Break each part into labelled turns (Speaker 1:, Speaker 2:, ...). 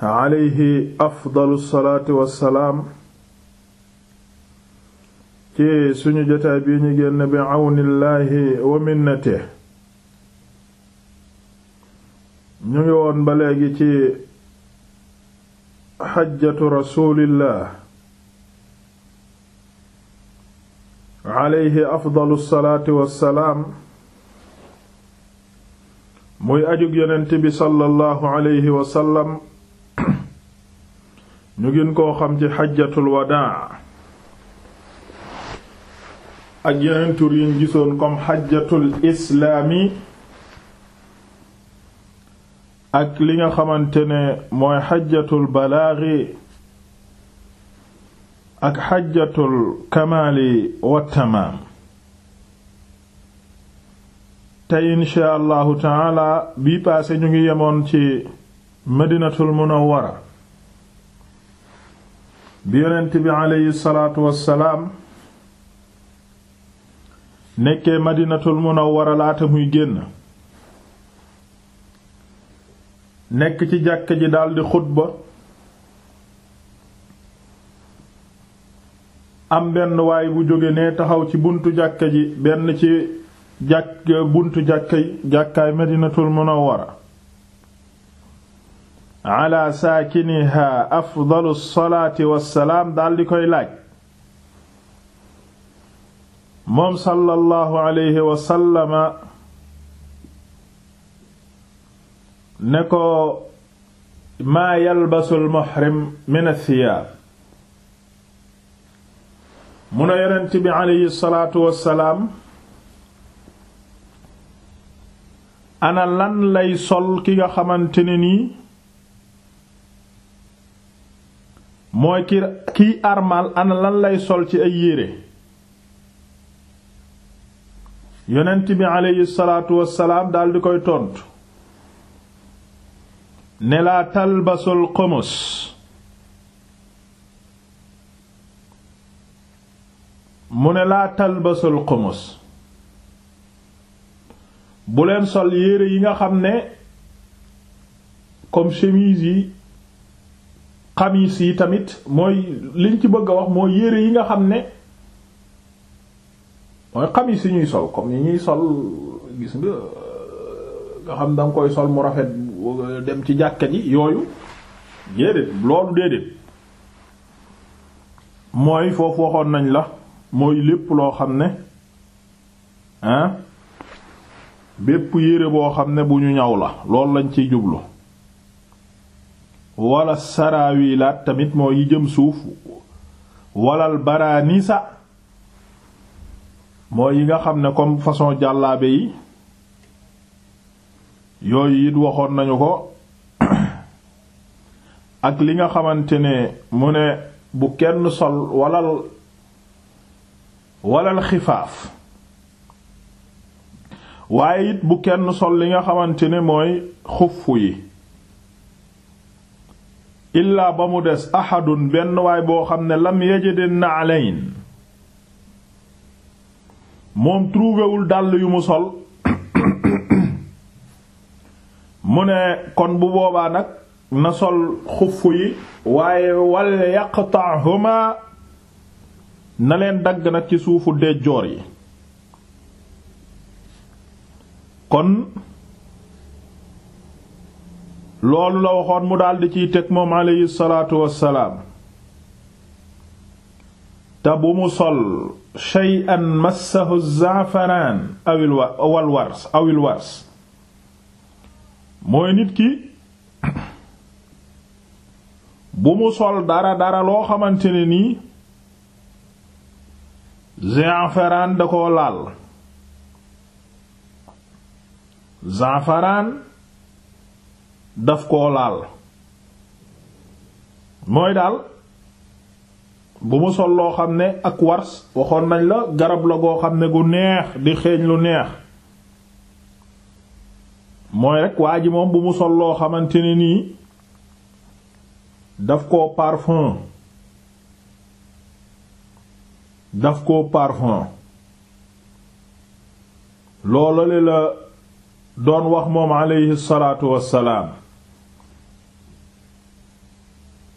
Speaker 1: alayhi afdalu salaati wassalaam ci suñu jotaay bii ñu génn bi àwnillaahi wa minnate ñu ngi woon ba ci xajjatu rasuulillah alayhi afdalu salaati wassalaam muy ajug yonent bi sallallahu alayhi wa sallam ñu gën ko xam ci xajjatul wadaa ak yeneen tur yi gisoon comme xajatul islaami ak li nga xamante ne mooy xajatul balaagi ak xajatul kamaali wa tamaam tey insha allahu taala bii paase ñu ngi yemoon ci madinatul munawwara bi yonent bi aleyhi salaatu wassalaam nekkee madinatul munawwara laata muy génn nekk ci jàkk ji daldi xutba am benn waay bu jóge ne taxaw ci buntu jàkka ji benn ci jàkk buntu jàkka jàkkaay madinatul munawwara ala saakiniha afdalu salaati wassalaam daal di koy moom sallallahu alayhi ne ko maa yalbasu almuhrim min athiyaab mu ne yonent bi alayhi salaatu wassalaam ana lan lay sol ki nga xamante ne nii mooy ki kiy armal ana lan lay sol ci ay yére yonent bi aleyhi salaatu wassalaam daldi koy tontu ne laa talbasul xumus mu ne laa tal ba sol bu buleen sol yére yi nga xam ne kom chemise yi xamiis yi tamit mooy liñ ci bëgg a wax mooy yére yi nga xam ne mooy xamiis yi ñuy sol comme yi ñuy sol gis nga nga xam danga koy sol mu rafet dem ci jàkka yi yooyu déedéet loolu déedéet mooy foofu waxoon nañ la mooy lépp loo xam ne hein bépp yére boo xam ne bu ñu ñaw la lool lañ ciy jublu wala saraawilaat tamit moo yi jëm suuf walal baraniisa mooy yi nga xam ne comme façon jàllaabe yi yooyu it waxoon nañu ko ak li nga xamante ne mu ne bu kenn sol walal xifaaf waaye it bu kenn sol li nga xamante ne mooy xufu yi illaa ba mu des ahadun benn waay boo xam ne lam yajid an-na'layn moom trouvéwul dàll yu mu sol mu ne kon bu boobaa nag na sol xuff yi waaye walla yaqta'huma na leen dagg nag ci suufu dejjoor yi loolu la waxoon mu daldi ciy teg moom aleyhi salaatu wassalaam te bu mu sol shay'an massahu zaafaraan awil wal wars awil wars mooy nit ki bu mu sol dara dara loo xamante ne nii zaafaraan da ko laal zaafaraan daf koo laal mooy daal bu mu sol loo xam ne ak wars waxoon nañ la garab la goo xam ne gu neex di xeeñ lu neex mooy rek waa ji moom bu mu sol loo xamante ne nii daf koo parfum daf koo parfum loolale la doon wax moom aleyhi salaatu wassalaam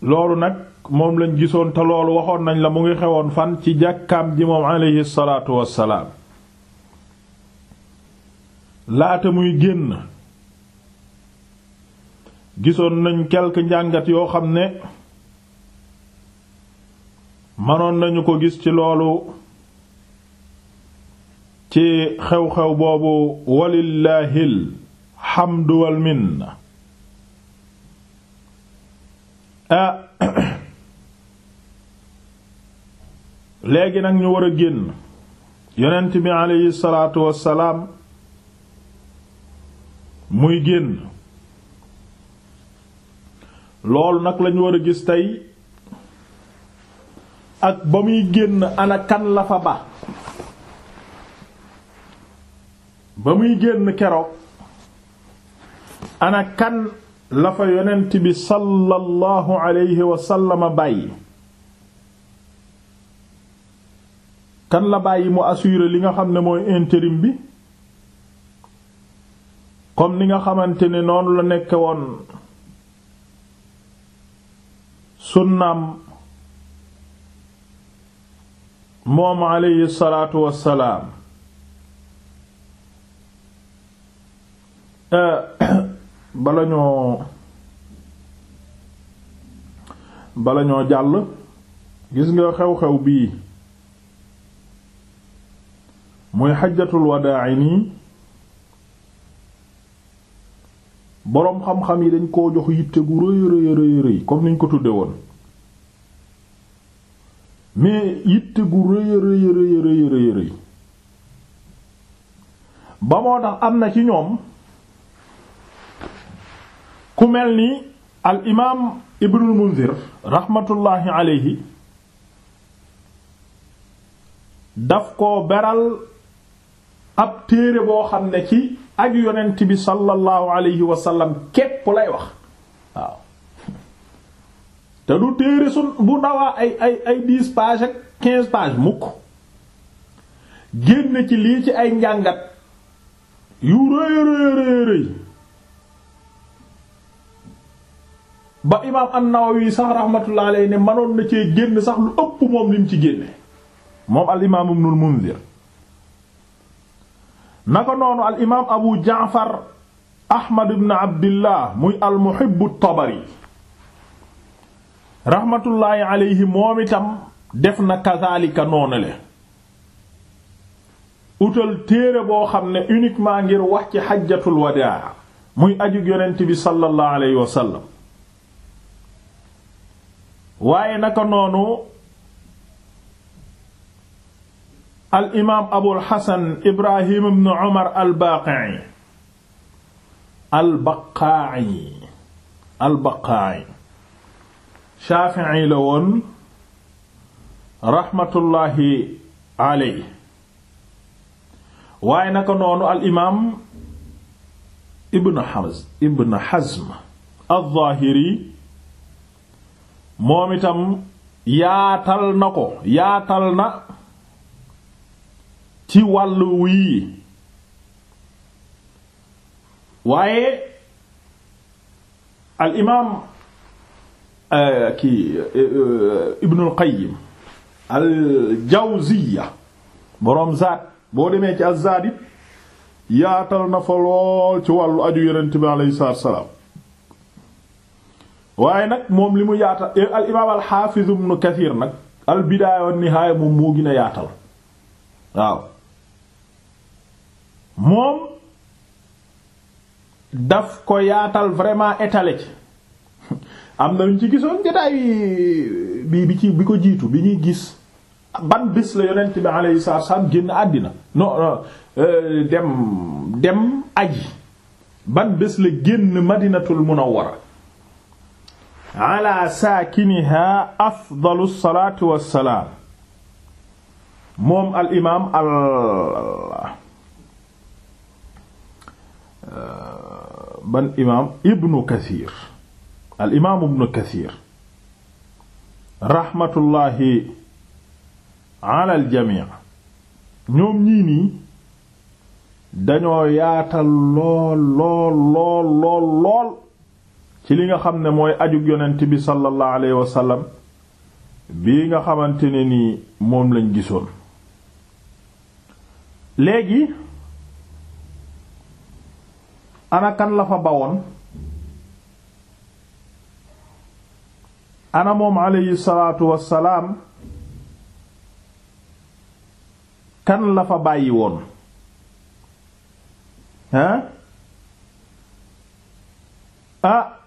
Speaker 1: loolu nag moom lañ gisoon te loolu waxoon nañ la mu ngi xewoon fan ci jàkkaam ji moom aleyhi salaatu wassalaam laata muy génn gisoon nañ quelques njàngat yoo xam ne mënoon nañu ko gis ci loolu ci xew-xew boobu walillahil hamdu wal minna Ah. léegi nag ñu war a génn yonent bi aleyhi salaatu wassalaam muy génn loolu nag lañu war a gis tey ak ba muy génn ana kan ba ba muy génn keroog ana la fa yonent bi sallallahu alayhi bàyyi kan la bàyyi mu assurer li nga xam ne mooy intérim bi comme ni nga xamante ne noonu la nekke woon sunnaam moom alayhi salaatu wassalaam euh, bala ñoo bala ñoo jàll gis nga xew-xew bii muy xajjatul wadaa nii boroom xam-xam yi dañ koo jox yitte gu rëy rëy rëy comme niñ ko tudde woon mais yitte gu rëy rëy rëy rëy rëy ba moo tax am na ci ñoom ku mel ni al imaam Ibnul Munzir rahmatullahi alayhi daf ko beral ab téere boo xam ne ci ak yonent bi sallallahu alayhi wa képp lay wax te lu téere su bu ndawaa ay ay ay dix ak quinze mukk génn ci lii ci ay njàngat yu rëy rëy rëy ba imaam an-Nawawi sax rahmatullah ne manoon na cee génn sax lu ëpp moom lim ci génne moom al imaam ibnul Munzir naka noonu al imaam Abu Jaafar Ahmad ibn Abdillah muy al tabari rahmatullahi moom itam def na kazaalika noonu le utal téere boo xam ne uniquement ngir wax ci xajjatul wadaa muy aju yonent bi sallallahu alayhi waaye naka noonu al imaam abul xasan ibrahim ibn umar al baqai al baqai al baqai shaafi'i la woon raxmatullaahi aley waaye naka noonu al imaam ibn hazm ibn hazm al zaahiri moom itam yaatal na ko yaatal na ci wàllu wii waaye al imaam eh, kii eh, eh, Ibnul Qayyim al Jawziyya boroom zaad boo demee ci az-Zaad yaatal na fa lool ci wàllu aju yonent bi alayhi salaam waaye nag moom li mu yaata al imaam al xaafiz ibnu nag al bidaaya wan nihaaya moom moo gën a yaatal waaw moom daf ko yaatal vraiment étalé ci am na ñu ci gisoon jotaay bi bi ci bi ko jiitu bi ñuy gis ban bés la yonent bi alayhi salaatu wasallam génn àddina non euh, dem dem aji ban bés la génn madinatul munawwara ala saakiniha afdalu salaatu wassalaam moom al imaam al euh, ban imaam ibnu kathir al imaam ibnu kathir raxmatullaahi ala al jamii ñoom ñii nii dañoo yaatal lool lool lool lool lool ci li nga xam ne mooy aju yonent bi sallallahu alayhi wa sallam bii nga xamante ne nii moom lañ gisoon léegi ana kan la fa bawoon ana moom alayhi salaatu wassalaam kan la fa bàyyi woon hein ah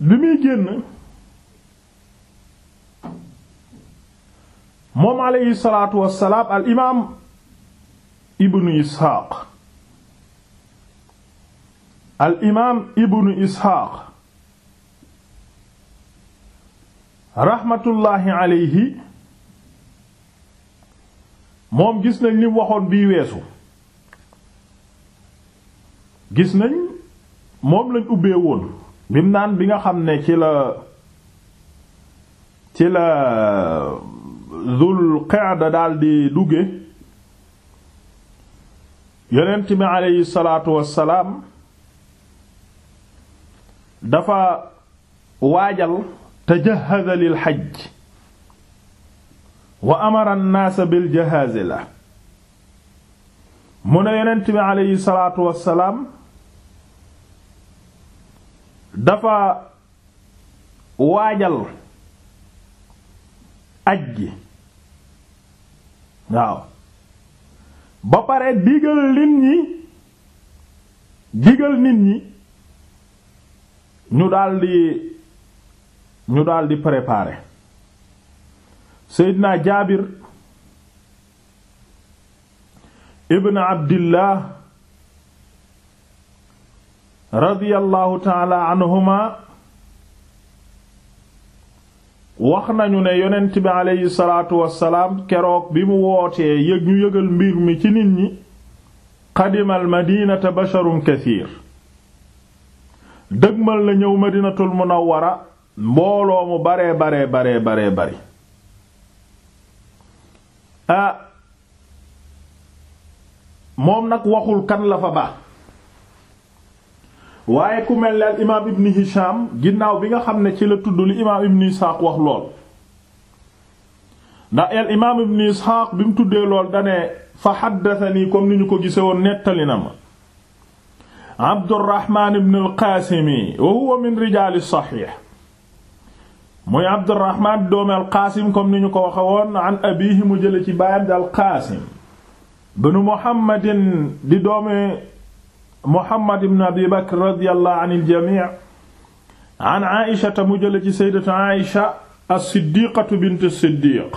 Speaker 1: bi muy génn moom aleyhi salaatu wassalaam al imaam ibnu isxaaq al imaam ibnu isxaaq raxmatullaahi aleyhi moom gis nañ lim waxoon bii weesu gis nañ moom lañ ubbee woon bim naan bi nga xam ne ci la ci la Zul Qa'da daal di dugge yonent bi aleyhi salaatu wassalaam dafa waajal tajahhaza lil hajj wa amara an-naasa bil jahaazi la mu ne yonent bi aleyhi salaatu wassalaam dafa waajal aj gi waaw ba pare digal nit ñi digal nit ñi ñu daldi ñu daldi préparer Seydina Jaabir ibn Abdillah radiyallahu taala anhuma wax nañu ne yonent bi aleyhi salaatu wassalaam keroog bi mu wootee yëg ñu yëgal mbir mi ci nit ñi qadimal madinata basharun kasiir dëgmal na ñëw madinatul munawwara mbooloo mu baree baree baree bari ah moom nag waxul kan la fa ba waaye ku mel ne al imaam ibn Hisham ginnaaw bi nga xam ne ci la tudd li imaam ibn Isxaaq wax lool ndax al imaam ibn Isxaaq bi mu tuddee lool dane fa xaddatani comme ni ñu ko gise woon nettali na ma Abdurrahmaan ibn al-Qaasimi wa huwa min rijaali saxiix muy Abdurrahmaan doomi al-Qaasim comme ni ñu ko waxe woon an abiihi mu jële ci baayam di al-Qaasim bnu Muhammadin di doomi Muhammad ibn Abi Bakr radiyallahu anil jamii an Aïshata mu jële ci sayyidatu Aïsha as-Siddiqatu bint as-Siddiq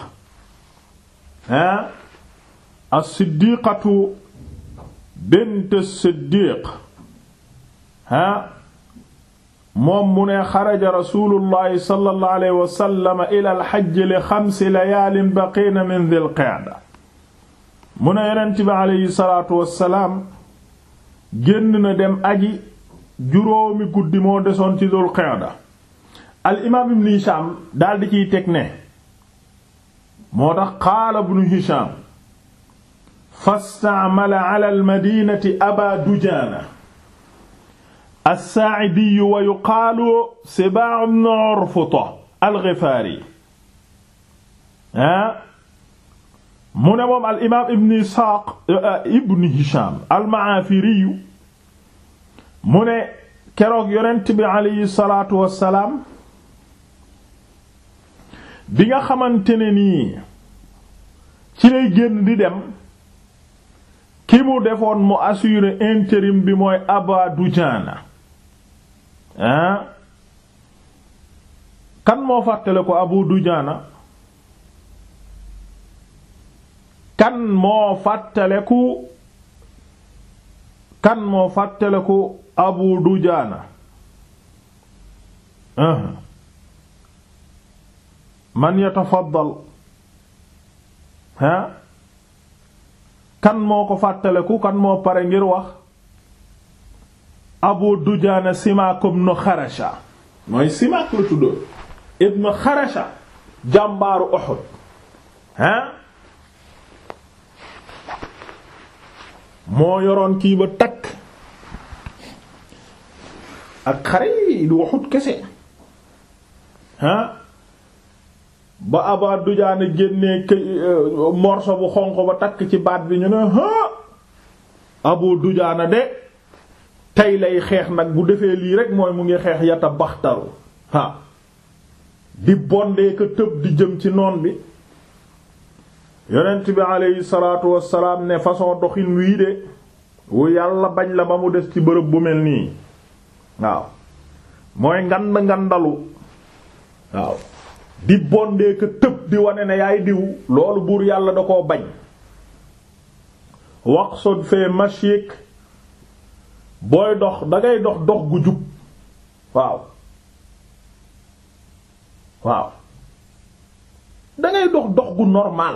Speaker 1: ah as-Siddiqatu bint as-Siddiq ah moom mu ne xaraja rasuulullahi sallallahu alayhi wa sallam ila al-hajj li xamsi layaalin baqiina min dhil qa'da mu ne yonent bi alayhi salaatu wa salaam génn na dem aji juróomi guddi moo desoon ci dul qa'da al imaam ibn Hisham daldi ciy teg ne moo tax qaala ibn Hisham fastaamala ala al madinati aba dujaana as-Saa'idiyu wa yuqaalu Sibaa' ibn Urfuta al-Ghifaari ha ah, mu ne moom al imaam ibn Isxaaq euh, ibn Hisham al-Maafiri mu ne keroog yonent bi aleyhi salaatu wassalaam bi nga xamante ne nii ci lay génn di dem ki mu defoon mu assurer intérim bi mooy Aba Dujaana ah kan moo fàttale ko du Dujaana kan moo fàttaleku kan moo fàttaleku abu dujaana man yatafaddal ha kan moo ko fàttaleku kan moo pare ngir wax abu dujaana simaak ibnu xarasha mooy simaak la tuddoon ibnu xarasha jàmbaaru uhud ha moo yoroon kii ba takk ak xare yi du waxut kese ba Aba Dujaana génnee euh, morso bu xonq ba takk ci baat bi ñu ne ah Abu Dujaana de tey lay xeex nag bu defee lii rek mooy mu ngi xeex yata baxtaru di bondee tëb di jëm ci noon bi. yonent bi aleyhi salaatu wassalaam ne façon doxin wii de wu yàlla bañ la ba mu des ci bërëb bu mel nii waaw mooy ngand ngandalu waaw di bondee ka tëb di wane ne yaay diw loolu buur yàlla da koo bañ waqsud fee mashik booy dox dangay dox dox gu jub waaw waaw dangay dox dox gu normal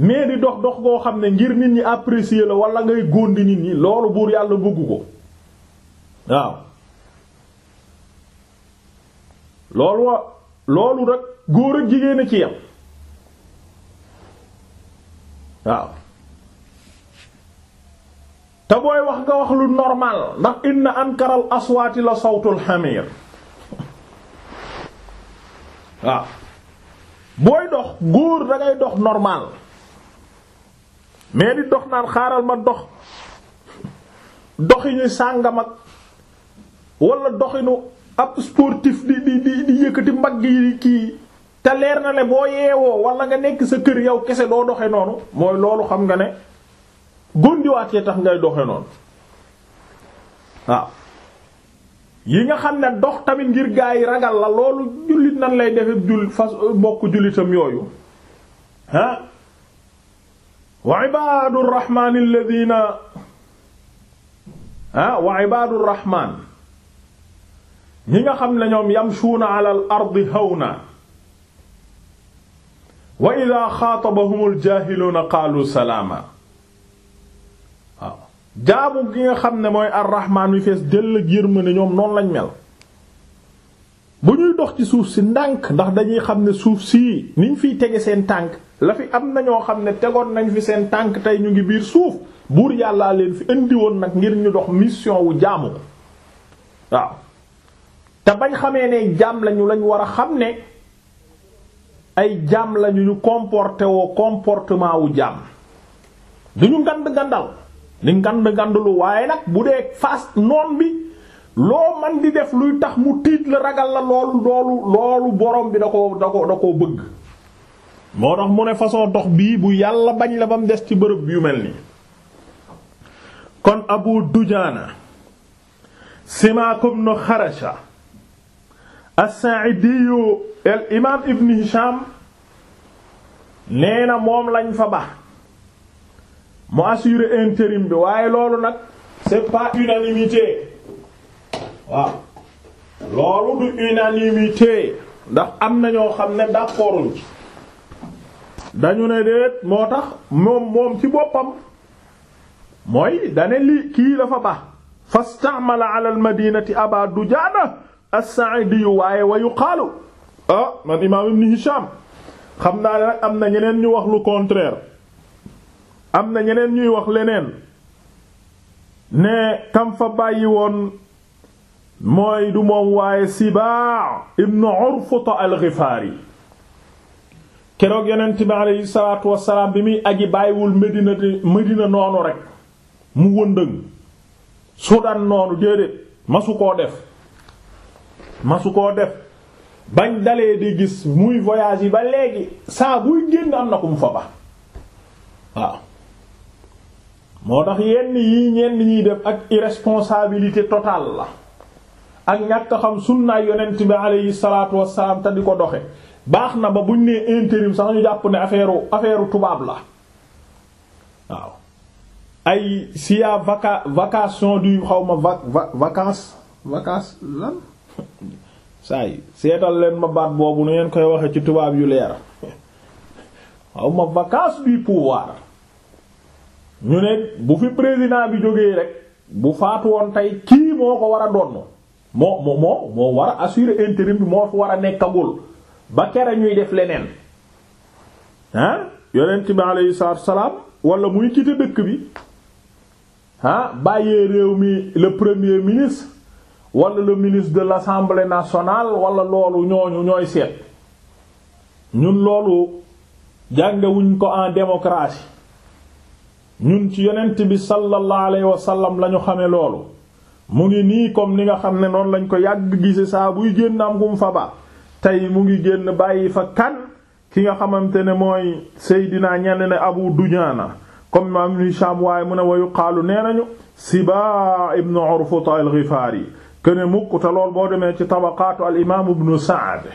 Speaker 1: mais di dox dox goo xam ne ngir nit ñi apprécier la wala ngay góondi nit ñi loolu buur yàlla bëggu ko waaw loolu wa loolu rek góor ak jigéen a ci yam waaw te booy wax nga wax lu normal ndax inna ankaral aswaati la sawtul xamiir waaw booy dox góor dangay dox normal mais di dox naan xaaral ma dox doxinu sàngam ak wala doxinu ab sportif di di di yëkkati mbagg yi kii te leer na le boo yeewoo wala nga nekk sa kër yow kese doo doxe noonu mooy loolu xam nga ne góndiwaat yee tax ngay doxe noonu waaw yi nga xam ne dox tamit ngir gaa yi ragal la loolu jullit nan lay defe jul fas mbokk jullitam yooyu ah wa ibaadu raxmaan alladina ah wa ibaadu raxmaan ñi nga xam ne ñoom yamshuuna ala al ardi hawna wa ida xaatabahum aljaahiluuna qaalu salaama waaw jaabu gi nga xam ne mooy arraxmaan wi fees dell ak yërmande ñoom noonu lañ mel bu ñuy dox ci suuf si ndànk ndax dañuy xam ne suuf sii niñ fiy tege seen tànk lafi am na ñoo xam ne tegoon nañ fi seen tànk tey ñu ngi biir suuf buur yàlla leen fi indi woon nag ngir ñu dox mission wu jaamu ko waaw te bañ xamee ne jaam lañu lañ war a xam ne ay jaam lañu ñu comporté woo comportement wu jaam duñu ngand ngandal ni ngand ngandlu waaye nag bu dee fas noon bi loo man di def luy tax mu tiit la ragal la loolu loolu loolu borom bi da ko da ko da bëgg moo tax mu ne façon dox bii bu yàlla bañ la ba mu des ci bërëb yu mel ni kon abu dujaana simaak ibnu xarasha as-saa'idiyu al imaam ibnu hisham nee na moom lañ fa ba mu assuré intérim bi waaye loolu nag c'est pas unanimité waaw loolu du unanimité ndax am na ñoo xam ne d'accorduñ ci dañu ne déet moo tax moom moom ci boppam mooy dane li kii la fa baax fastamala ala almadinati aba dujaana as-sa'idi waaye wa yuqaalu ah man imaam ibn hisham xam naa ne nag am na ñeneen ñu wax lu contraire am na ñeneen ñuy wax leneen ne kam fa bàyyi woon mooy du moom waaye sibaa ibn urfuta al-ghifari keroog yonent bi aleyhi salaatu wassalaam bi muy aji bàyyiwul Medina Medina noonu rek mu wëndëng Sudan noonu déedéet masu koo def masu koo def bañ dalee di gis muy voyage yi ba léegi saa buy génn am na ko fa ba waaw moo tax yenn yi ñenn ñuy def ak irresponsabilité totale la ak ñàkk xam sunnaay yonent bi aleyhi salaatu wassalaam te di ko doxe baax na ba buñ nee intérim sax ñu jàpp ne affaire affaire tubaab la waaw ay sia vaca vacation du xaw ma va vacance vacance lan saay seetal leen ma baat boobu nu ngeen koy waxe ci tubaab yu leer xaw ma vacance du pouvoir ñu ne bu fi président bi jógee rek bu faatu woon tey kii moo ko war a donn moo moo moo moo war a assurer intérim bi moo fi war a nekkagul ba kere ñuy def leneen ah yonent bi aleyhi salaatu salaam wala muy quitté dëkk bi ah bàyyee réew mi le premier ministre walla le ministre de l'Assemblée nationale wala loolu ñooñu ñooy seet ñun loolu jàngewuñ ko en démocratie ñun ci yonent bi sallallahu alayhi wa sallam la ñu xamee loolu mu ngi nii comme ni nga xam ne noonu lañ ko yàgg gise saa buy génn am gum fa ba tey mu ngi génn bàyyi fa kan ki nga xamante ne mooy Seydina ñenn ne Abu Dujaana comme imam Ibn Hisham waaye mu ne wa yuqaalu nee nañu Sibaa ibn Urfuta al-Ghifaari kene mukk te lool boo demee ci tabaqaatu al imam Ibn Sa'd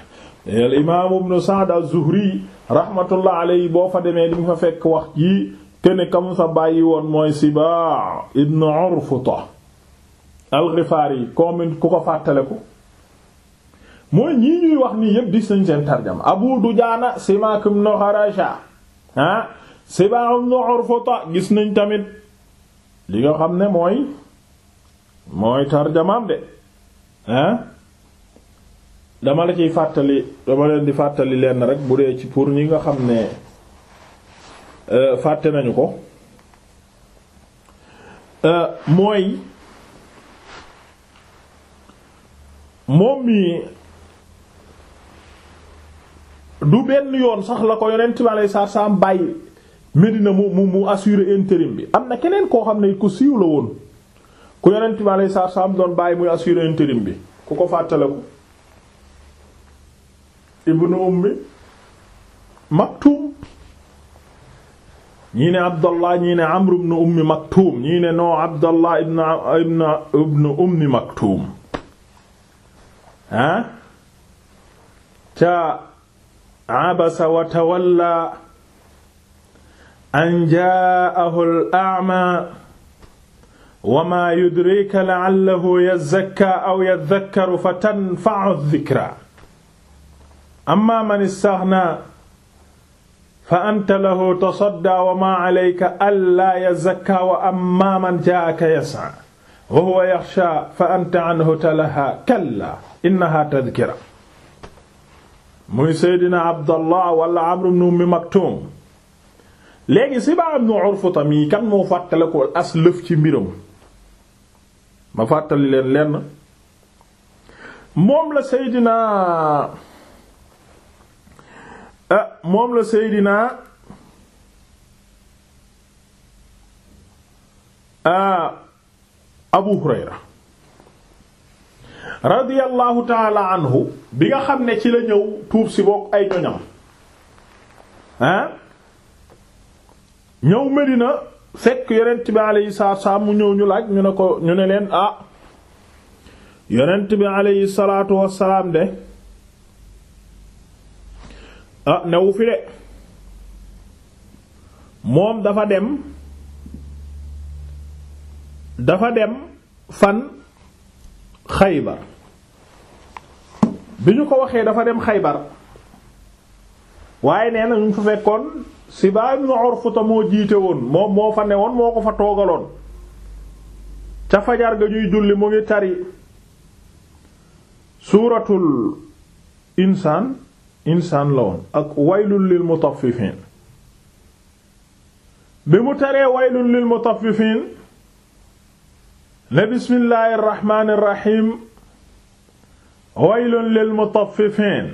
Speaker 1: al imam Ibn Sa'd az-Zuhri rahmatullah alayhi boo fa demee di nga fa fekk wax ji kene kam sa bàyyi woon mooy Sibaa ibn Urfuta al-Ghifaari comme ku ko fàttale ko mooy ñii ñuy wax nii yëpp gis nañ seen tarjama Abu du Simaak ibn Xarasha ah Sibaak ibn gis nañ tamit li nga xam ne mooy mooy tarjamaam de dama la ciy fàttali dama leen di fàttali leen rek bu dee ci pour ñi nga xam ne euh, fàtte nañu ko euh, mooy moom mi du benn yoon sax la ko yonent bi alayhi salaatu salaam bàyyi Medina mu mu mu assuré intérim bi am na keneen koo xam ne ku siiw la woon ku yonent bi alayhi salaatu salaam doon bàyyi muy assuré intérim bi ku ko fàttaleku ibnu ummi maktum ñii ne abdallah ñii ne amru ibnu ummi maktum ñii ne non abdallah ibnu ibnu ummi maktum ah ca abasa wa tawalla an jaahu al-a'ma wa ma yudrika la'allahu yazakka aw yadhakkaru fa tanfa'u dhikra amma man istaghna fa anta lahu tasadda wa ma alayka alla yazakka wa amma man jaa'aka yas'a wa huwa yakhsha fa anta anhu talaha kalla innaha tadhkira muy Seydina Abdallah wala Amr ibn Ummi Maktum léegi Sibaa ibn Urfuta mi kan moo fàttale ko as lëf ci mbiram ma fàttali leen lenn moom la Seydina ah, moom la Seydina ah, Abu Hurayra radiyallahu taala anhu bi nga xam ne ci la ñëw tuub si bokk ay ñoñam ah ñëw Medina fekk yonent bi alayhi saa salaam mu ñëw ñu laaj ñu ne ko ñu ne leen ah yonent bi alayhi salaatu wassalaam de ah newu fi de moom dafa dem dafa dem fan xaybar bi ñu ko waxee dafa dem xaybar waaye nee na ñu fa fekkoon Sibaa ibn Urfuta moo jiite woon moom moo fa ne woon moo ko fa toogaloon ca fajar ga ñuy julli mu ngi tari suuratul insaan insaan la woon ak waylul lil mutaffifiin bi mu taree waylul lil mutaffifiin ne bismillaahi rahmaani rahiim waylun lil mutaffifiin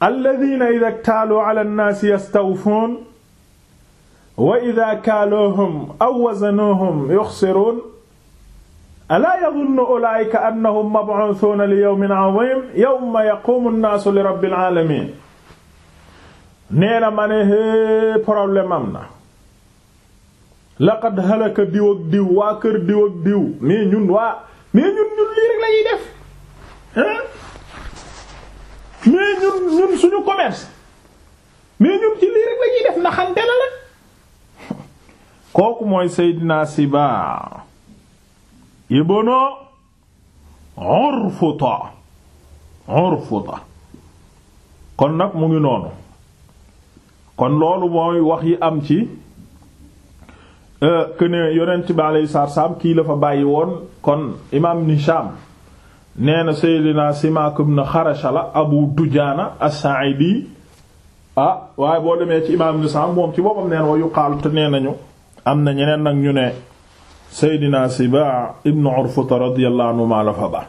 Speaker 1: alladiina idaa ktaaluu ala nnaasi yastawfuun wa idaa kaaluuhum aw wazanuuhum yuxsiruun alaa yadunnu ulaa'ika annahum mab'uusuuna li yawmin 'aziim yawma yaquumu nnaasu li rabbil 'aalamiin nee na ma ne problème am na laqad halaka diw diw waa kër diw ak diw mais ñun waa mais ñun ñun lii rek la def hein ñun ñun suñu commerce mais ñun ci lii rek la ñuy def naxante la la kooku mooy Seydina Siba ibnu Urfuta Urfuta kon nag mu ngi noonu kon loolu mooy wax yi am ci Euh, que ne yonent bi alayhi salaam kii la fa bàyyi woon kon imaam Nisham nee na Seydina Simaak ibn Xarasha la Abu Dujaana as-Sa'idi ah waaye boo demee ci imaam Nisham moom ci boppam neen wa yuqaalu te nee nañu am na ñeneen nag ñu ne Seydina Sibaa ibn Urfuta radiyallahu anhu maa ba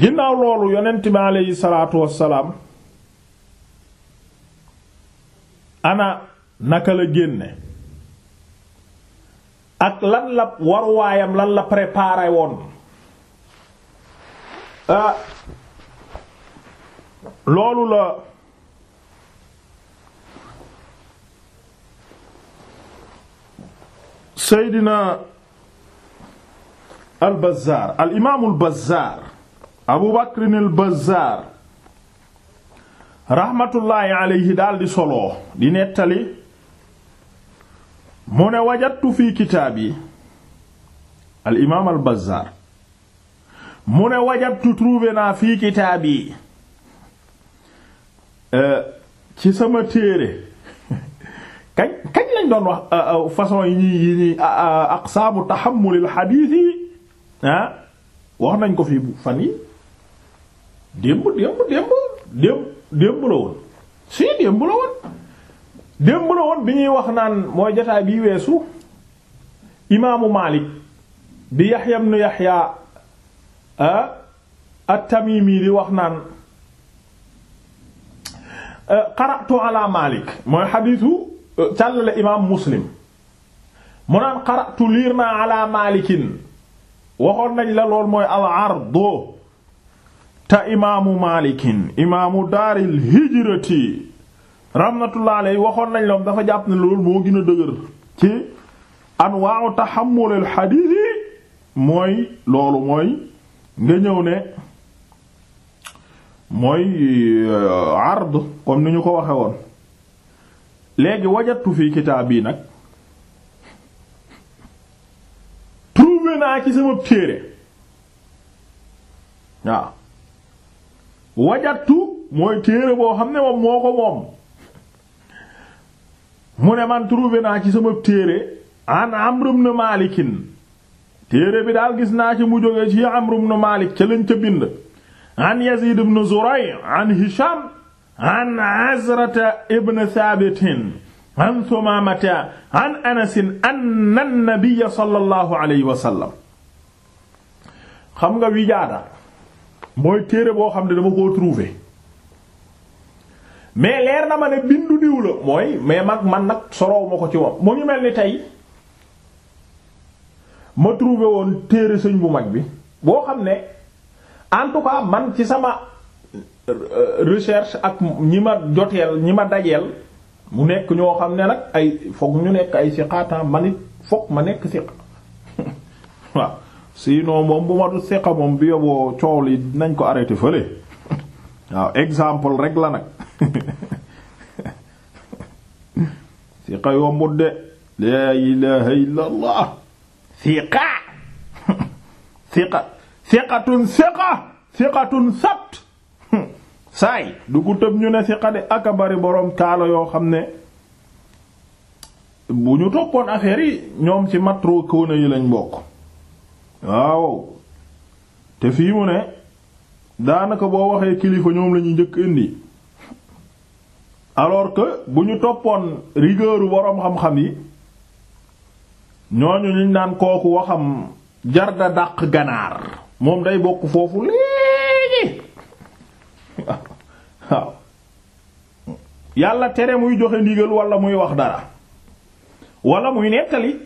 Speaker 1: ginnaaw loolu yonent bi alayhi salaatu wassalaam ana naka la génne ak lan waruwaayam lan la préparé woon ah loolu la Seydina al Bazzaar al imaam al Bazzaar Abu Bakr al Bazzaar rahmatullahi alayhi daal di solo di nettali. mu ne wajadtu fi kitaab yi al imaam al bazaar mu ne wajadtu trouvé naa fii kitaab yi euh, ci sama téere kañ kañ lañ doon wax euh, euh, façon yi ñuy yi ñuy aqsaamu taxamulil xadiis yi ah wax nañ ko fi fan yi démb démb démb démb démb la woon si démb la woon démb la woon bi ñuy wax naan mooy jotaay bi weesu imaamu Maalik bi Yaxya ibnu Yaxya ah, at-Tamimi di wax naan ah, qara'tu ala Maalik mooy xadiisu eh, càllale imaam Muslim mu naan qara'tu liir naa ala Maalikin waxoon nañ la lool mooy al-ardu ta imaamu Maalikin imaamu daaril hijrati rahmatullah alayhi waxoon nañ loom dafa jàpp ne loolu moo gën a dëgër ci anwa'u tahammul al hadith mooy loolu mooy nga ñëw ne mooy euh, ard comme ni ñu ko waxe woon léegi wajatu fi kitaab yi nag trouvé naa ci sama téere waaw wajatu mooy téere boo xam ne moom moo ko moom mu ne man trouvé naa ci sama téere an Amr ibn Malik téere bi daal gis naa ci mu jóge ci Amr ibn Malik ca lañ ca bind an Yazid ibn Zuray' an Hisham an Azrata ibn Thabit an Thumaamata an Anas an-nabiyya sallallahu alayhi wa sallam xam nga wijaada mooy téere boo xam ne dama koo trouvé mais leer na ma ne bindu diw mooy mais mag man nag sorow ma ko ci moom mu ngi mel ni tey ma trouvé woon téere sëñ bu mag bi boo xam ne en tout cas man ci sama euh, recherche ak ñi ma joteel ñi ma dajeel mu nekk ñoo xam ne nag ay foog ñu nekk ay siqaatan man it foog ma nekk siqa waaw sinon moom bu ma du siqa moom bi yoboo coow li nañ ko arrêté fële waaw exemple rek la nag siqa yombut de laa ilaha illa siqa siqa siqatun siqa siqatun sabt saay du tëb ñu ne siqa de aka bari boroom kaala yoo xam ne bu ñu toppoon affaire yi ñoom ci matrukuuna yi lañ bokk waaw te fii mu ne daanaka boo waxee kilifa ñoom lañuy jëkk indi alors que bu ñu toppoon rigueur boroom xam-xam yi ñooñu ñu naan kooku waxam jar dàq ganaar moom day bokk foofu léegi yàlla tere muy joxe ndigal walla muy wax dara wala muy nettali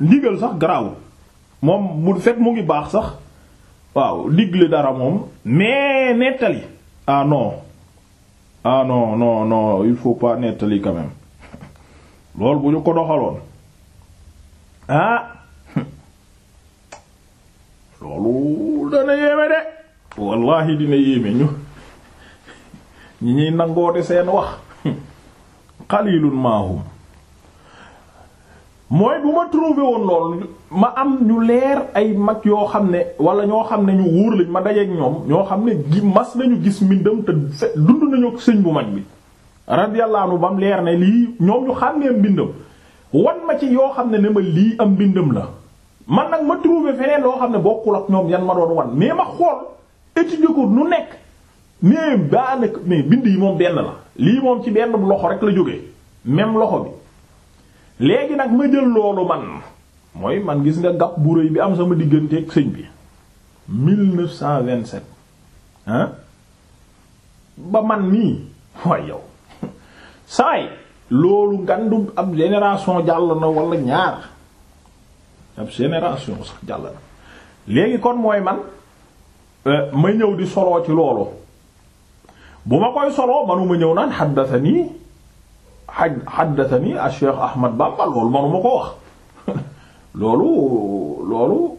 Speaker 1: ndigal sax garaawul moom bu fet mu ngi baax sax waaw digle dara moom mais nettali ah non. ah non non non il faut pas nettali quand loolu bu ñu ko doxaloon ah loolu dana yéeme de wallahi dina yéeme ñu ñi ñuy nangoote seen wax qalilun maahum mooy bu ma trouvé woon loolu ma am ñu leer ay mag yoo xam ne wala ñoo xam ne ñu wóor lañ ma dajeeg ñoom ñoo xam ne gi mas nañu gis mbindam te dund nañu sëñ bu mag bi radiyallahu anhu bam leer ne lii ñoom ñu xàmmee mbindam wan ma ci yoo xam ne ne ma lii am mbindam la man nag ma trouvé feneen loo xam ne bokkul ak ñoom yan ma doon wan mais ma xool étudier ko nu nekk mais daanaka mais bind yi moom benn la lii moom ci benn loxo rek la jóge même loxo bi léegi nag ma jël loolu man mooy man gis nga gàpp bu réy bi am sama digganteeg sëñ bi 1927 ah ba man nii waaye yow saay loolu ngandum ab génération jàll na walla ñaar ab génération sax jàll na léegi kon mooy man euh, ma ñëw di soloo ci loolu bu ma koy soloo manuma ñëw naan xaddasa nii xaj xaddatani a Cheikh Ahmad Bamba loolu manuma ko wax loolu loolu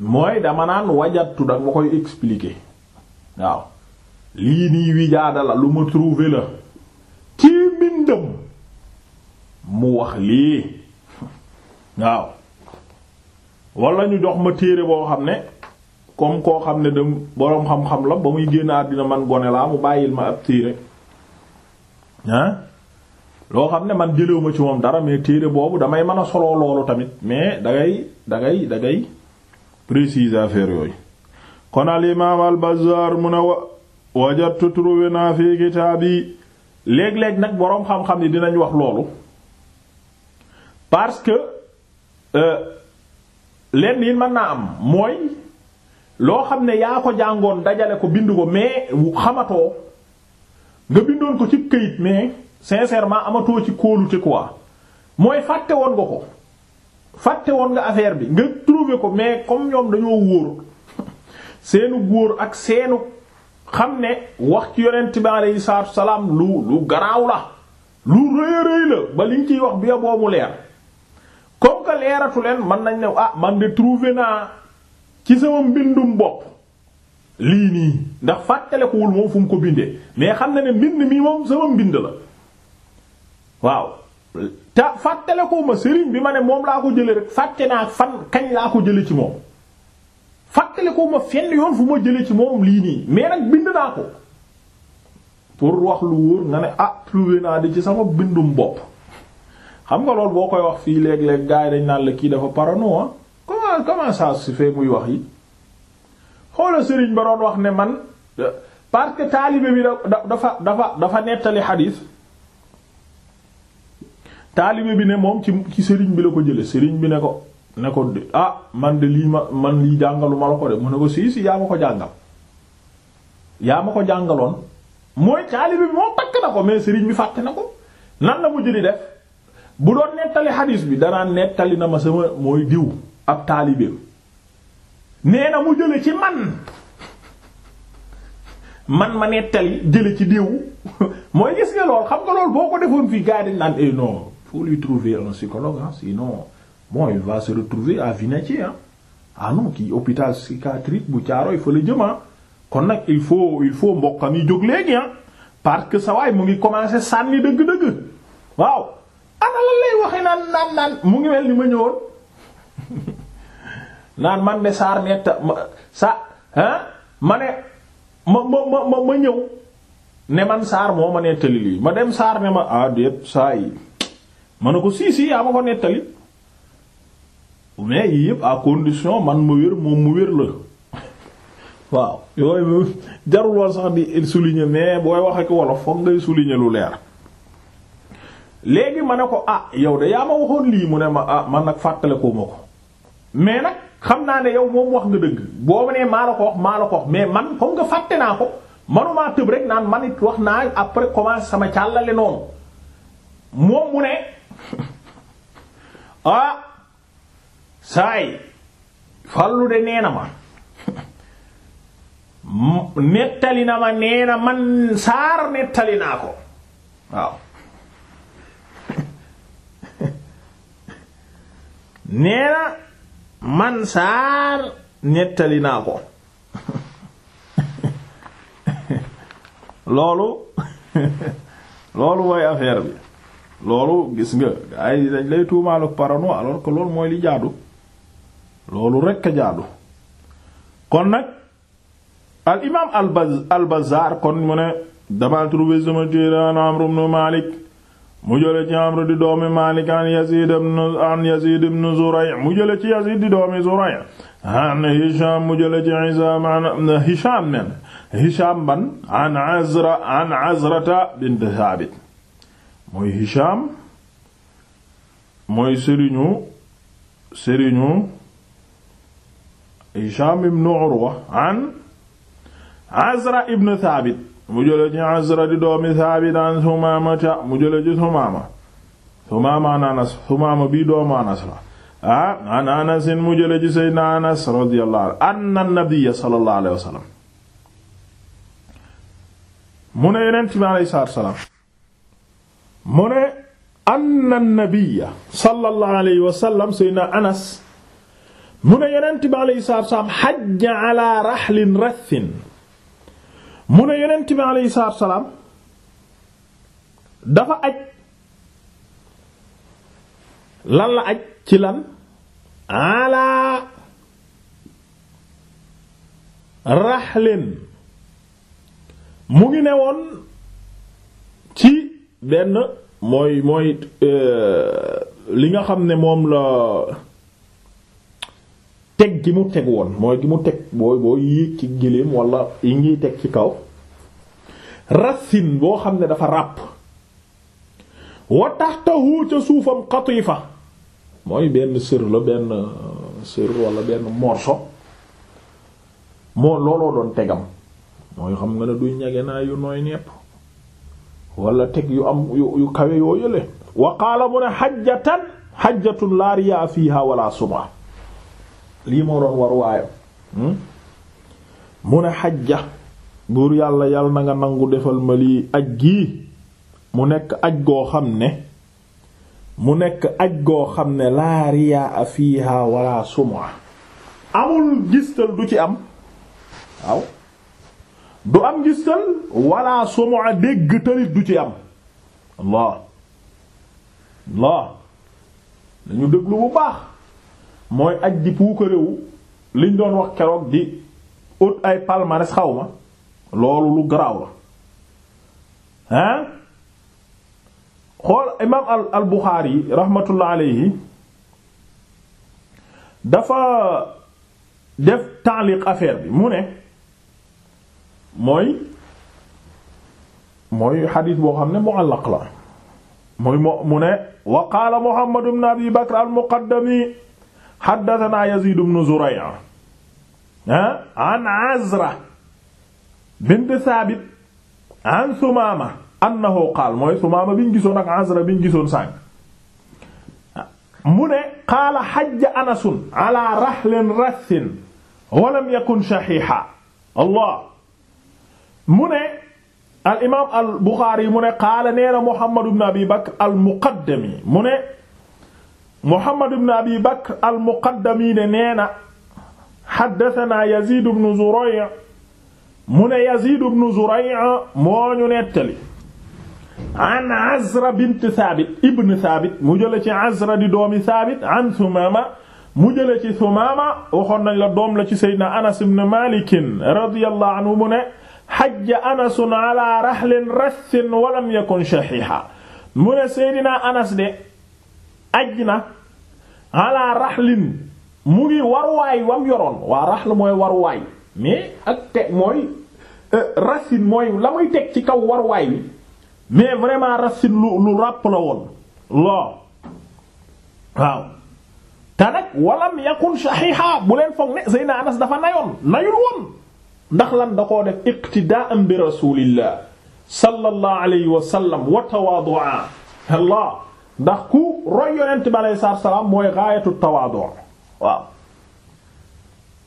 Speaker 1: mooy dama naan wajatu da ma koy explike waaw lii nii wijaada lu ma trouvé la ci mbindam mu wax lii waaw wala ñu jox ma téere boo xam ne comme koo xam ne dem boroom xam-xam la ba muy génn àddina man gone laa mu bàyyil ma ab téere ah loo xam ne man jëlewuma ci moom dara mais téere boobu damay mën a soloo loolu tamit mais dangay dangay dangay préciser affaire yooyu kon al imaam al Bazzaar mu wa wajadtu trouvé naa fi kitaabi léeg-léeg nag boroom xam-xam ni dinañ wax loolu parce que euh, lenn yi mën naa am mooy loo xam ne yaa ko jàngoon dajale ko bind ko mais xamatoo nga bindoon ko ci këyit mais sincèrement amatoo ci kóolute quoi mooy fàtte woon nga ko fàtte woon nga affaire bi nga trouver ko mais comme ñoom dañoo wóor seenu góor ak seenu xam ne wax ci yonent bi alayhi salaam lu lu garaaw la lu rëy rëy la ba liñ ciy wax bi ya boobu leer comme que leeratu leen mën nañ ne ah man de trouver naa ci sama mbindum bopp lii nii ndax fàttalekuwul moom fu mu ko bindee mais xam na ne mbind mi moom sama mbind la waaw te fàttale ko ma sëriñ bi ma ne moom laa ko jële rek fàtte naa fan kañ laa ko jële ci moom fàttale ma fenn yoon fu ma jële ci moom lii nii mais nag bind naa ko pour wax lu wóor nga ne ah trouvé naa di ci sama bindum bopp xam nga loolu boo koy wax fii léeg-léeg gars dañ naan la kii dafa parano ah comment comment ça se muy wax yi xoola sëriñ ba doon wax ne man euh, parce que taalibe bi dafa dafa dafa dafa nettali xadiis taalibe bi ne moom ci ci sëriñ bi la ko jële sëriñ bi ne ko ne ko ah man de lii ma man lii jàngaluma la ko de mu ne ko si si yaa ma ko jàngal yaa ma ko jàngaloon mooy taalibe bi moom takk na ko mais sëriñ bi fàtte na ko nan la mu jëli def bu doon nettali bi danaa nettali na ma sama mooy diw ab taalibeem na mu jële ci man man ma nettali jële ci diw mooy gis nga lool xam nga lool boo ko defoon fii gars yi dañ naan eh, non faut lui trouver un psychologue sinon bon il va se retrouver à Vinatier ah ah non hôpital psychiatrique bu Caaroy fa la jëmaa kon nag il faut il faut mbokkam yi jóg léegi ah parce que sa waay mu ngi commencer sànni dëgg-dëgg waaw ana lan lay waxee naan naan naan mu ngi mel ni ma ñëwoon naan man de saar netta ma sa ah ma ne ma ma ma ma ñëw ne man saar moo ma nettali lii ma dem saar ne ah déet saa ma ne ko si si yaa ma ko nettali mais yii yëpp a condition man ma wér moom mu wér la waaw yooyu jarul woon sax di souligner mais booy wax ak wolof foog ngay souligner lu leer léegi ma ne ko ah yow de yaa ma waxoon lii mu ne ma ah man nag fàttale ma ko mais nag xam naa ne yow moom wax nga dëgg boobu ne maa la ko wax maa la ko wax mais man comme nga fàtte naa ko manumaa tëb rek naan man it wax naa après commencé sama càllale noonu moom mu ne. ah saay fàllu de na ma nettali na ma nee man saar nettali naa ko waaw nee na man saar nettali naa ko loolu loolu mooy affaire bi loolu gis nga ay dañ lay tuumaalu parano alors loolu mooy li jaadu loolu rekk jaadu kon nag al imaam al Bazzaar kon mu ne dama trouvé mu jële ci Amr di doomi Malik an Yazid ibn an Yazid ibn Zuray' mu jële ci di doomi Zuray' an Hisham mu jële ci Hisaam an men Hisham ban an Azrata bint Thabit mooy Hisham mooy sëriñu sëriñu Hisham ibn Urwa an Azra ibn Thabit mu jële ci Azra di doomi Thabit an Sumamata mu jële ci Sumama Sumama an Anas Sumama bii doomu Anas la ah an Anas mu jële ci Seydina Anas radiyallahu anhu anna nabiyya sallallahu alayhi wa sallam mu ne yonent bi alayhi salaatu wa salaam mu ne anna nabiyya sallallahu alayhi wa sallam sayyidina anas mu ne yonent bi alayhi salaatu salaam xajja ala raxlin rathin mu ne yonent bi alayhi salaam dafa aj lan la aj ci lan ala raxlin mu ngi ne woon ci benn mooy mooy euh, li nga xam ne moom la teg gi mu teg woon mooy gi mu teg booy booy yéeg ci giléem wala yi ngiy teg ci kaw racine boo xam ne dafa ràpp wa tahtahu ca suufam fa mooy benn sër la benn sër wala benn morso moo looloo doon tegam mooy xam nga ne du ñage naa yu nooy nepp wala teg yu am yu kawe yoo yële wa qaala mu ne xajjatan xajjatun laa riyaa fiiha wala suma lii moo doon war waayam hmm? mu ne xajja buur yàlla yàlla na nga nangu defal ma lii aj gii mu nekk aj goo xam ne mu nekk aj goo xam ne laa riyaa fiiha wala suma amul gistal du ci am waaw du am ngistal wala somoa dégg talit du ci am Allah Allah dañu déglu bu baax mooy aj di puukaréwu liñ doon wax keroog di ut ay palmarès xaw ma loolu lu garaaw la ah xool imaam al al Buxaari rahmatullah alayhi dafa def ta'liq affaire bi mu ne mooy mooy xadiis boo xam ne mu'allaq la muy mo mu ne wa qaala Muhammad ibn Abi Bakr al-Muqaddami haddathanaa Yaziid ibn Zuray' ah, an Azra bint Thaabit an Thumaama annahu qaala mooy Thumaama biñ gisoon ak Azra biñ gisoon sànq mu ne qaala hajja Anasun ala rahlin rathin wa lam yakun shahiihan Allah mu ne al imaam al Buxaari mu ne qaala nee na Muhammad ibn Abi Bakr al Muqaddami mu ne Muhammad ibn Abi Bakr al Muqaddami ne nee na haddasanaa Yaziid ibn Zuray' mu ne Yaziid ibn Zuray' moo ñu nettali an Azra bint Thabit ibn Thabit mu jële ci Azra di doomi Thabit an Thumaama mu jële ci Thumaama waxoon nañ la doom la ci Seydina Anas ibn Maalik radiyallahu anhu mu ne xajja anasun ala raxlin rathin walam yakun shaxiixa mu ne seydinaa anas de aj na ala raxlin mu ngi waay wam yoroon waa raxl mooy waruwaay mais ak te mooy euh, rathin mooy la muy teg ci kaw waruwaay wi mais vraiment rathin lu lu ràpp la woon loo waaw te nag walam yakun shaxiixa bu leen foog ne seydinaa anas dafa nayoon nayul woon ndax lan da koo def iqtidaan bi rasulillah sallallahu alayhi wa sallam wa tawaadu'a ndax ku roy yonent bi alayhi salaam mooy gaayatu tawaadu'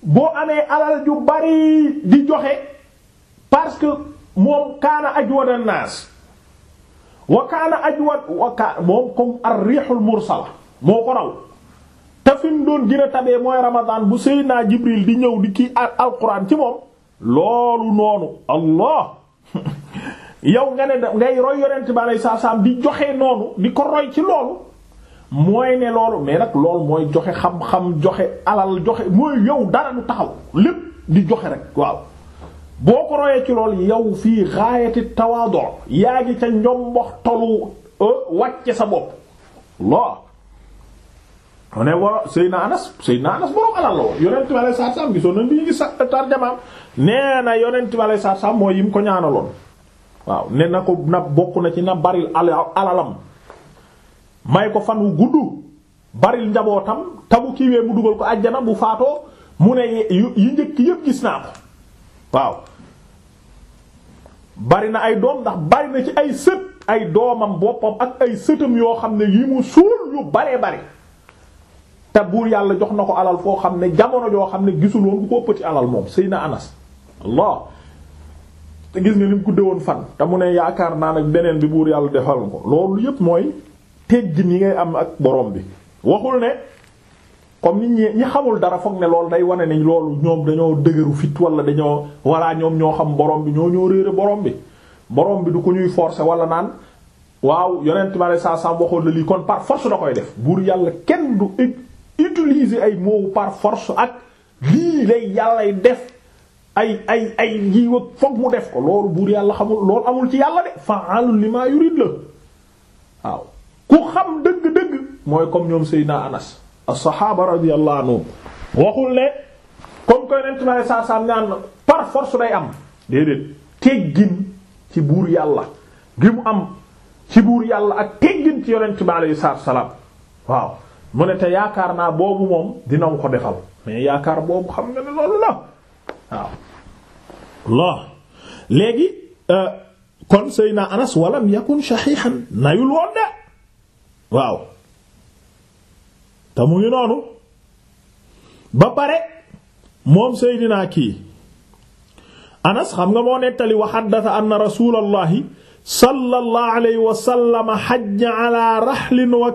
Speaker 1: boo amee alal ju bari di joxe parce que moom kaana ajwada naas wa kaana ajwad wa kaana moom comme ar mursala moo ko raw te doon gën tabee mooy Ramadan bu Seydina Jibril di ñëw di kii alquran ci moom. loolu noonu allah yow nga ne ngay roy yonent bi aleyhi salaatu di joxe noonu di ko roy ci loolu mooy ne loolu mais nag loolu mooy joxe xam-xam joxe alal joxe mooy yow dara du taxaw lépp di joxe rek waaw boo ko royee ci loolu yow fii gaayati tawaadu yaa ngi ca njombox tolu e, wàcce sa bopp loo mu ne war Seydina Anas Seydina Anas borom alal la woon yonent bi aleyhi salaatu bi ñu ngi sa tarjamaam nee na yonent bi aleyhi salaatu salaam mooy yi mu ko ñaanaloon waaw ne na ko na bokk na ci na baril alalam may ko fan wu gudd baril njabootam tabu kiiwee mu dugal ko àjjana bu faatoo mu ne yi njëkk yépp gis naa ko waaw bari na ay doom ndax bari na ci ay sët ay doomam boppam ak ay sëtam yoo xam ne yi mu suul yu baree bari te buur yàlla jox na ko alal foo xam ne jamono joo xam ne gisul woon ku ko pëti alal moom sëy na Anas Allah te gis nga ni mu gudde woon fan te mu ne yaakaar naa nag beneen bi buur yàlla defal ko loolu yëpp mooy teggin yi ngay am ak boroom bi waxul ne comme ni ñi xamul dara foog ne loolu day wane ne loolu ñoom dañoo dëgëru fit walla dañoo wala ñoom ñoo xam boroom bi ñoo ñoo réere boroom bi borom bi du ko ñuy forcer wala naan waaw yonent ma saa saa waxoon la lii kon par force da koy def buur yàlla kenn du utiliser ay mots par force ak lii lay yàllay def ay ay ay yiw ak foog mu def ko loolu buur yàlla xamul lool amul ci yàlla de fa'alun lima yurid la waaw ku xam dëgg-dëgg mooy comme ñoom Seydina Anas as-sahaaba radiyallahu anhu waxul ne comme koy nent na saa saa naan par force day am déedéet teggin ci buur yàlla gi mu am ci buur yàlla ak teggin ci yonent bi alayhi salaatu salaam waaw mu ne te yaakaar naa boobu moom dinañ ko defal mais yaakaar boobu xam nga ne loolu la waaw la léegi euh, kon Seydina Anas walam yakun shahihan nayul woon de waaw te mu noonu ba pare moom Seydina kii Anas xam nga moo nettali wa haddatha anna rasulallahi sallallahu alayhi wa sallam hajja ala rahlin wa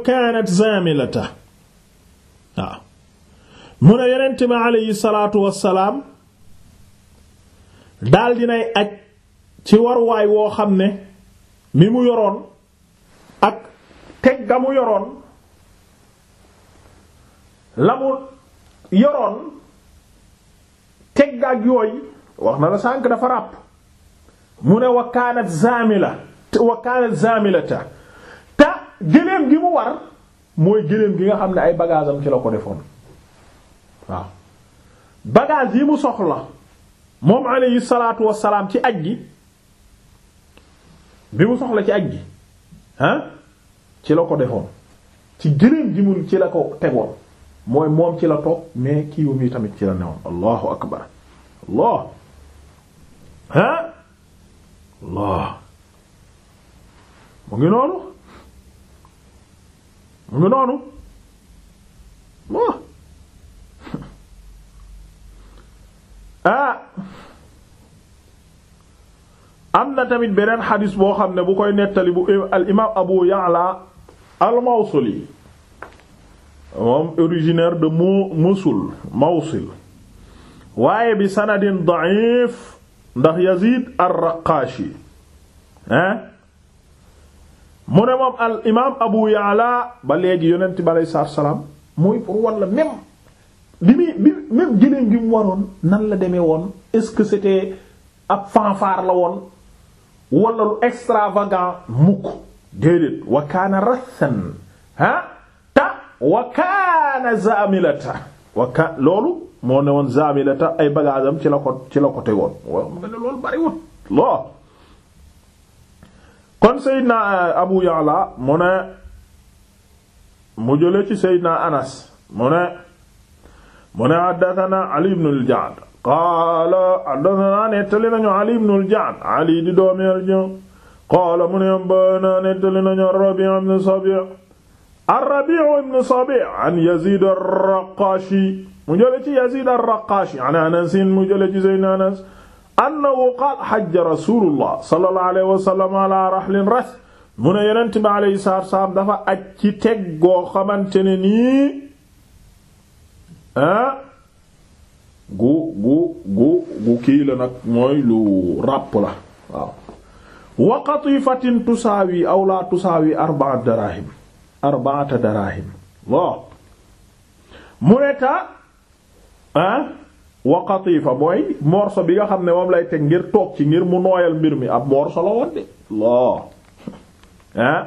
Speaker 1: mu ne yonent mi alayhi salaatu wa salaam daal dinay aj ci warwaay woo xam ne mi mu yoroon ak teg ga mu yoroon la mu yoroon teg ga ak yooyu wax na la sànk dafa ràpp mu ne wa kaanat zaamila wa kaanat zaamilata te gëléem gi mu war mooy gëléem gi nga xam ne ay bagaasam ci la ko defoon waaw bagaas yi mu soxla moom alayhi salaatu wassalaam ci aj gi bi mu soxla ci aj gi ah ci la ko defoon ci gëléem gi mun ci la ko tegoon mooy moom ci la toog mais kiiwam yi tamit ci la newoon allahu akbar allah ah allah mu ngi noonu mu ngi noonu ah am na tamit beneen xadis boo xam ne bu koy nettali bu al Abu Ya'la al Mawsili moom originaire de Mosul Mawsil waaye bi sanadin da'if ndax Yazid ar-Raqashi eh? mu ne moom al Abu Ya'la ba léegi yonent bi aleyhi salaam muy pour walla même bi même gëléem gi waroon nan la demee woon est-ce que c'était ab fanfare la woon wala lu extravagant mukk déedéet wa kaana rasan ah ta wa kaana zamilata wa ka loolu moo ne woon zamilata ay bagaasam ci la ko ci la ko tegoon waaw mu nga loolu bariwut loo kon Seydina euh, Abu Ya'la mu ne mu jële ci Seydina Anas mu ne mu ne haddathana ali ibn al-Ja'd qaala haddathana nettali nañu ali ibn al-Ja'd ali di doomi al-Ja'd qaala mu ne anba'ana nettali nañu ar-Rabi' ibn Sabi' ar-Rabi' ibn Sabi' an Yazid ar-Raqashi mu jële ci Yazid ar-Raqashi an Anas mu jële ci Seydina Anas annahu qaala hajja rasulullah sallallahu alayhi wa sallam ala rahlin ras mu ne yonent bi alayhi salaatu wa salaam dafa aj ci teg goo xamante ne nii gu gu gu gu kii la nag mooy lu ràpp la waaw wa qatifatin tusaawi aw la tusaawi arba'a darahim arba'ata darahim waaw mu neta ah wa qatifa mooy morso bi nga xam ne moom lay teg ngir toog ci ngir mu nooyal mbir mi ab morso la woon de loo ah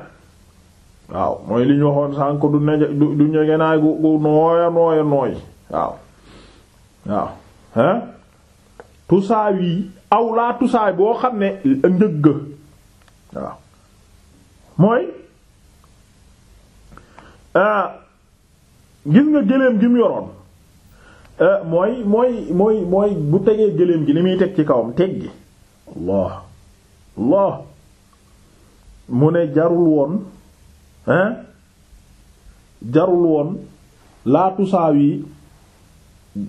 Speaker 1: waaw mooy li ñu waxoon sànk du ne du ñegeenaay gu gu nooya nooya nooy waaw waaw hein tusaay yi aw laa tusaay boo xam ne njëgg waaw mooy euh, gis nga gëléem gi mu yoroon euh, mooy mooy mooy bu tegee gëléem gi li muy teg ci kawam teg gi Allah Allah mu ne jarul woon hein jarul woon laa tusaawi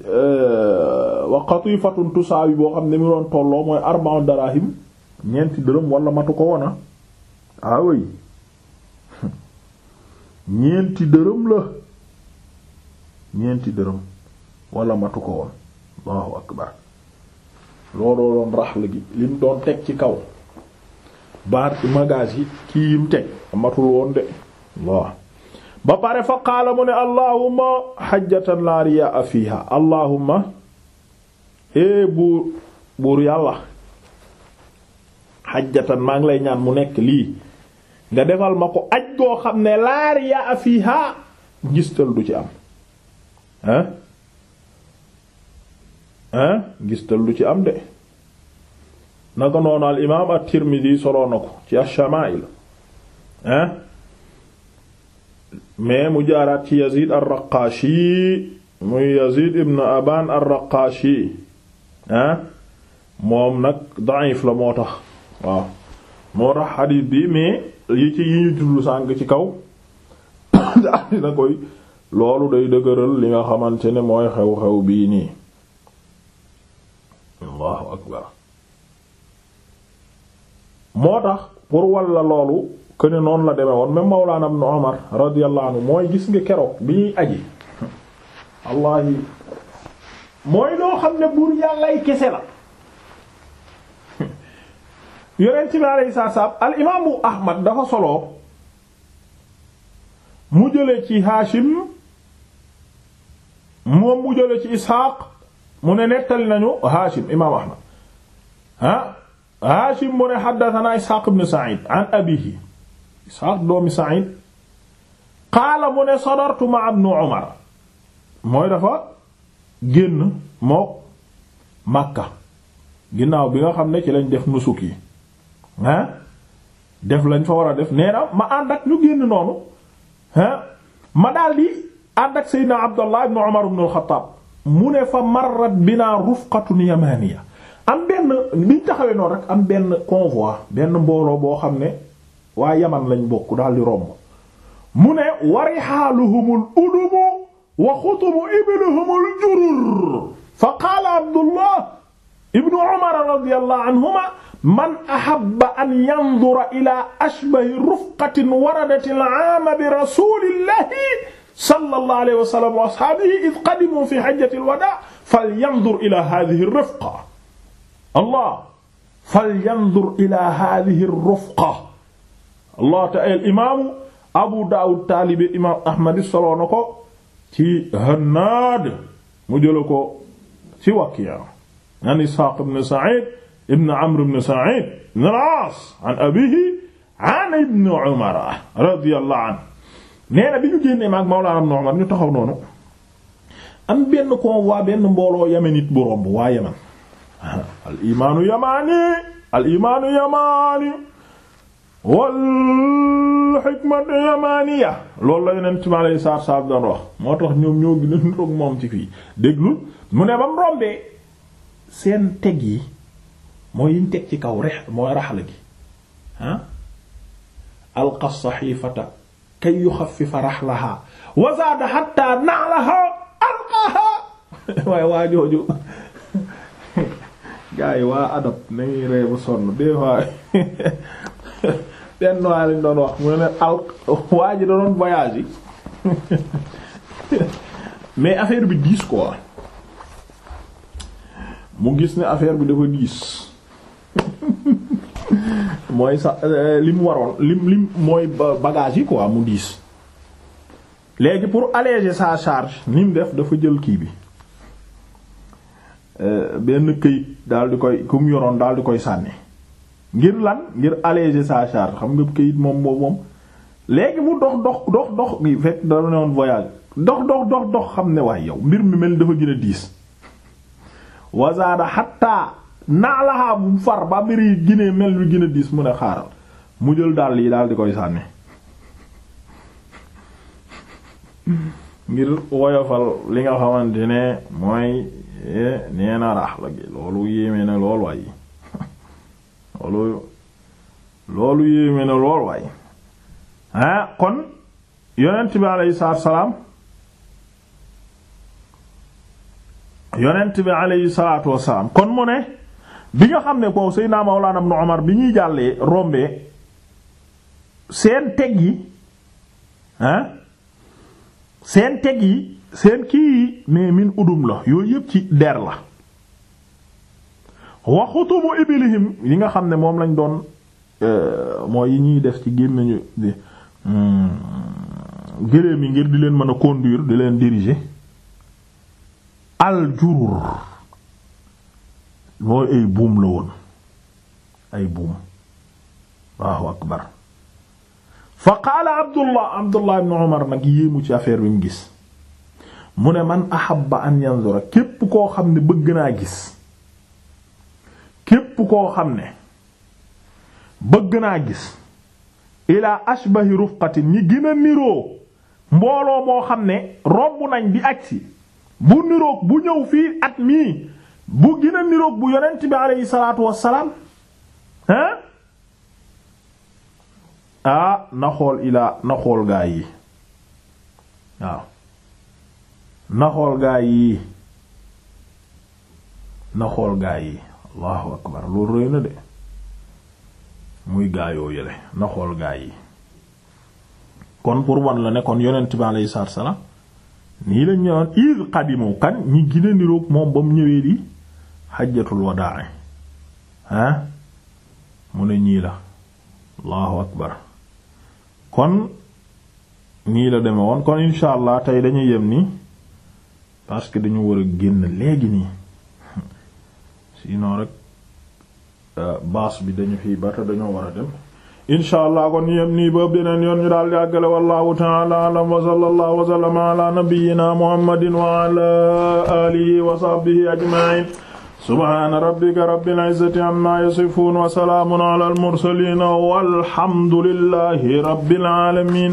Speaker 1: Euh, wa qatifatun tusaawi boo xam ne mi doon tolloo mooy arba'u darahim ñeenti dërëm wala matu ko wona away ah. ah ñeenti dërëm la ñeenti dërëm wala matu ko woon looloo doon raxla gi lim doon teg ci kaw baar magaas yi kii yim teg matul woon de waaw ba pare fa qaala mu ne allahumma xajjatan laa riyaa fiiha allahumma ee eh, buur buur yàlla xajjatan maa ngi lay ñaan mu nekk lii nga defal ma ko aj goo xam ne laa riyaa fiiha ngistal du ci am hein hein ngistal du ci am de naka noonu al imaam at-Tirmidhi soloo na ko ci ash-Shamaa'il mais mu jaaraat ci Yazid ar-Raqashi muy Yazid ibn Aban ar-Raqashi ah, moom nag da'if la moo tax waaw moo tax xadiis bi mais yi ci yi ñu tuddu sànk ci kaw daal dina koy loolu day dëgëral li nga xamante ne mooy xew-xew bii nii Allahu akbar moo tax pour walla loolu ne noonu la demee woon même Mawlana Ibn Umar radiyallahu anhu mooy gis nga keroog bi ñuy aji mooy loo xam ne buur yàllay kese la yonent bi alayhi salaam al imaamu Ahmad dafa solo mu jële ci Haashim moom mu jële ci Isxaaq mu ne nettali nañu Haashim imaam Ahmad ah Haashim mu ne haddathana Isxaaq ibn Sa'iid an abiihi saa doomi Saïd qaala mu ne sadartu ma ibnu Umar mooy dafa génn mook Makka ginnaaw bi nga xam ne ci lañ def nusuk yi def lañ fa war a def nee na ma ànd ñu génn noonu ah ma daldi ànd ak Seydina Abdallah ibnu Umar ibnu al mu ne fa marrat binaa rufqatun yamaaniya am benn biñ taxawee noonu rek am benn convoi benn mbooloo boo xam ne. waa yaman lañ bokk daal di romb mu ne warixaaluhumul udumu wa xutumu ibluhumul jurur fa qaala abdullah ibnu umar radiyallahu anhuma man ahabba an yandura ila ashbahi rufqatin waradat al-aama bi rasulillahi sallallahu alayhi wa sallam wa ashaabihi id qadimu fi hajjati al-wadaa falyandur ila haadihi rufqa allah falyandur ila haadihi rufqa allah ta al imaamu abu daawud taalibe imaam ahmadi soloo ko ci hannaad mu jëla ko ci wakiya an isxaaq ibn sa'id ibn amr ibn sa'id ibn al-aas an abihi an ibn umar radiyallahu anhu nee bi ñu génnee maag mawlaana ibn umar ñu taxaw noonu am benn convoi benn mbooloo yemenit bu romb waa yemen al imaanu yamaani wal hikmatu yamaniya loolu la yonent bi alayhi salaatu salaam doon wax moo tax ñoom ñoo gën a moom ci fii déglul mu ne ba mu rombee seen teg yi mooy yiñ teg ci kaw rex mooy raxla gi ah alqa saxiifata kay wa waaye waa jooju gaa yi waa adab nañuy ree ba sonn des fois benn waa lañ doon wax mu ne al waa ji da doon voyage yi mais affaire bi diis quoi mu gis ne affaire bi dafa diis mooy sa euh, li mu waroon lim lim mooy bagage yi quoi mu diis léegi pour alléger sa charge ni mu def dafa jël kii bi euh, benn këyit daal di koy ku yoroon daal di koy sànni. ngir lan ngir alléger sa charge xam nga kayit moom moom moom léegi mu dox dox dox dox bi fekk da ne woon voyage dox dox dox dox xam ne waaye yow mbir mi mel dafa gën a diis wasaada xatta naa laxaa bu far ba mbir ginee mel lu gën diis mu ne xaaral mu jël dàll yi daal di koy sànni ngir woyofal li nga xamante ne mooy eh, nee na gi loolu yéeme na lool waaye loolu loolu yéeme na lool waay ah kon yonent bi aleyhi salaatu salaam yonent bi aleyhi salaatu wasalaam kon mu ne bi nga xam ne ko Seydina Mawlana Ibn Umar bi ñuy jàllee rombee seen teg yi ah seen teg yi seen kii yi mais min udum la yooyu yépp ci der la wa ibilihim yi nga xam ne moom lañ doon euh, mooy yi ñuy def ci gémmiñu di hmm, gëléem yi ngir di leen mën a conduire di leen diriger aljurur mooy ay buum la woon ay buum waaw akbar fa qaala abdullah abdullah ibn nag yéemu ci affaire bi mu gis mu ne man ahabba an yanzura képp koo xam ne bëgg naa gis képp koo xam ne bëgg naa gis ilaa ashbahi rufqatin ñi gën niroo mbooloo moo xam ne romb nañ bi agsi bu niroog bu ñëw fii at mii bu gën a niroog bu yonent bi aleyhi salaatu wassalaam hein ah na xool ilaa na xool gaa yi waaw na xool gaa yi na xool gaa yi allahu akbar loolu rëy na de muy gaayoo yële na xool gaay yi kon pour wan la ne kon yonent bi alayhi salaatu nii lañ ñëwoon id qadimu kan ñi gine niroog moom ba mu ñëwee di xajjatul wadaa ah mu ne ñii la allahu akbar kon nii la deme woon kon insha allah tey dañuy yem nii parce dañu war a génn léegi nii sinon rek uh, baas bi dañu fii bata dañoo war a kon yem nii boobu deneen yoon ñu daal di taala alam wa sallallahu wa sallama ala nabiyyina muhammadin wa ala alihi wa sahbihi ajma'in subhana rabbika rabbil izzati amma yasifun wa salaamun ala al mursalin walhamdulillahi rabbil